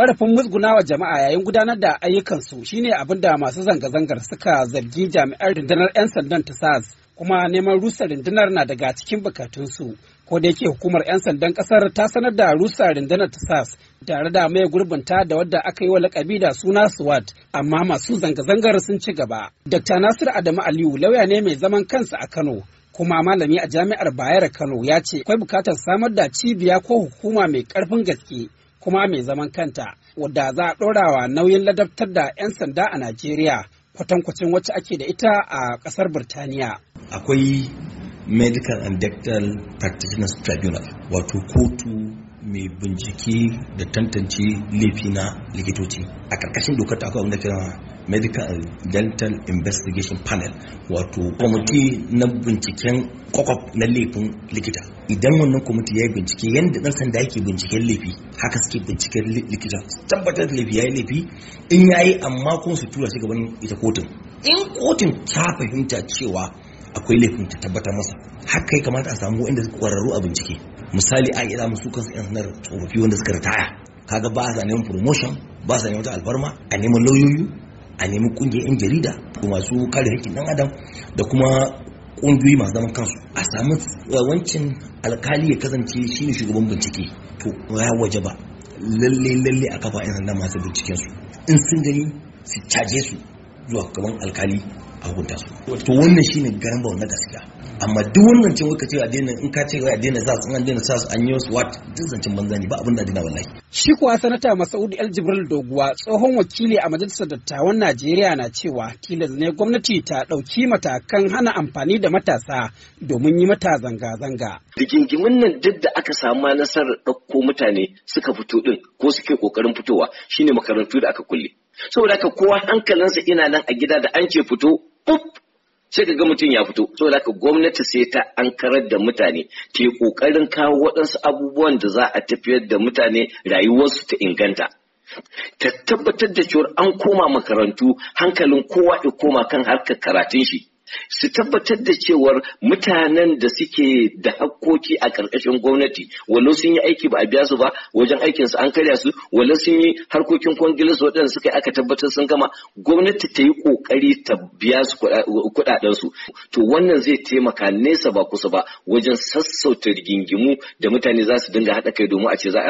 musguna musgunawa jama'a yayin gudanar da ayyukansu shine abin da masu zanga-zangar suka zargi jami'ar rundunar 'yan sandan ta kuma neman rusa rundunar na daga cikin bukatunsu. Ko da yake hukumar 'yan sandan ƙasar ta sanar da rusa rundunar ta tare da mai gurbinta da wadda aka yi wa lakabi da suna SWAT amma masu zanga-zangar sun ci gaba. Dr. Nasir Adamu Aliyu lauya ne mai zaman kansa a Kano kuma malami a jami'ar Bayero Kano ya ce akwai bukatar samar da cibiya ko hukuma mai ƙarfin gaske kuma mai zaman kanta wadda za a ɗorawa nauyin ladabtar da 'yan sanda a Najeriya kwatankwacin wacce ake da ita a ƙasar Birtaniya. Akwai Medical and Dental Practitioners Tribunal wato kotu mai bincike da tantance laifi na likitoci a karkashin dokar ta akwai kira medical dental investigation panel wato kwamiti na binciken kwakwaf na laifin likita idan wannan kwamiti ya yi bincike yadda dan sanda yake binciken laifi haka suke binciken likita tabbatar da laifi ya yi laifi in ya yi amma kuma su tura shi gaban ita kotun in kotun ta fahimta cewa akwai laifin ta tabbatar masa haka ya kamata a samu inda kwararru a bincike misali a ira musu kansu yan sanar tsofaffi wanda suka ritaya kaga ba sa neman promotion ba sa neman alfarma a neman lauyoyi a neman kungiyar yan jarida masu kare hakkin dan adam da kuma kungiyoyi masu zaman kansu a samu wancan alkali ya kasance shine shugaban bincike to ya waje ba lalle lalle a kafa yan sanda masu binciken su in sun gani su caje su zuwa gaban alkali a hukunta su to wannan shine garin bawo na gaskiya amma duk wannan cin wuka ce a daina in ka ce a daina sa su an daina sa su an yi su wat duk zancen banza ne ba abin da dina wallahi shi kuwa sanata Masaud El Jibril Doguwa tsohon wakili a majalisar dattawan Najeriya na cewa kila ne gwamnati ta dauki matakan hana amfani da matasa domin yi mata zanga-zanga rigingimin nan duk da aka samu nasarar ɗauko mutane suka fito din ko suke kokarin fitowa shine makarantu da aka kulle saboda haka kowa hankalinsa ina nan a gida da an ce fito puf sai ka ga mutum ya fito da haka gwamnati sai ta ankarar da mutane ke kokarin kawo waɗansu abubuwan da za a tafiyar da mutane rayuwarsu ta inganta ta tabbatar da cewar an koma makarantu hankalin kowa ya koma kan harkar karatun shi su tabbatar da cewar mutanen da suke da hakkoki a ƙarƙashin gwamnati walau sun yi aiki ba a biya su ba wajen aikin su an karya su walau sun yi harkokin kwangilis waɗanda suka aka tabbatar sun gama gwamnati ta yi ƙoƙari ta biya su kuɗaɗen su to wannan zai taimaka nesa ba kusa ba wajen sassauta rigingimu da mutane za su dinga haɗa kai domin a ce za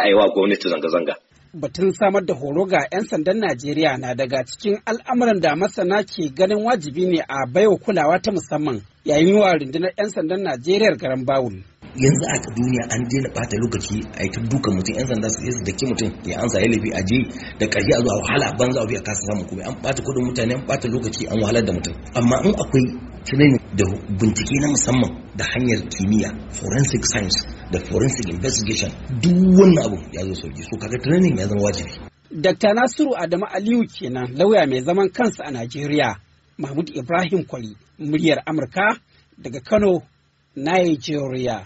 a yi wa gwamnati zanga-zanga. batun samar da horo ga 'yan sandan Najeriya na daga cikin al'amuran da masana ke ganin wajibi ne a baiwa kulawa ta musamman yayin wa rundunar 'yan sandan Najeriya garan bawul. yanzu a duniya an daina bata lokaci a yi duka mutum yan sanda su yi ke mutum ya ansa ya laifi a je da a zuwa wahala banza a biya kasa samun kuma an bata kudin mutane an bata lokaci an wahala da mutum amma in akwai training da bincike na musamman da hanyar kimiyya forensic science da forensic investigation duk wannan abu ya zo sauki so kaga training ya zama wajibi Dr. Nasiru Adamu Aliyu kenan lauya mai zaman kansa a Najeriya Mahmud Ibrahim Kwari muryar Amurka daga Kano Nigeria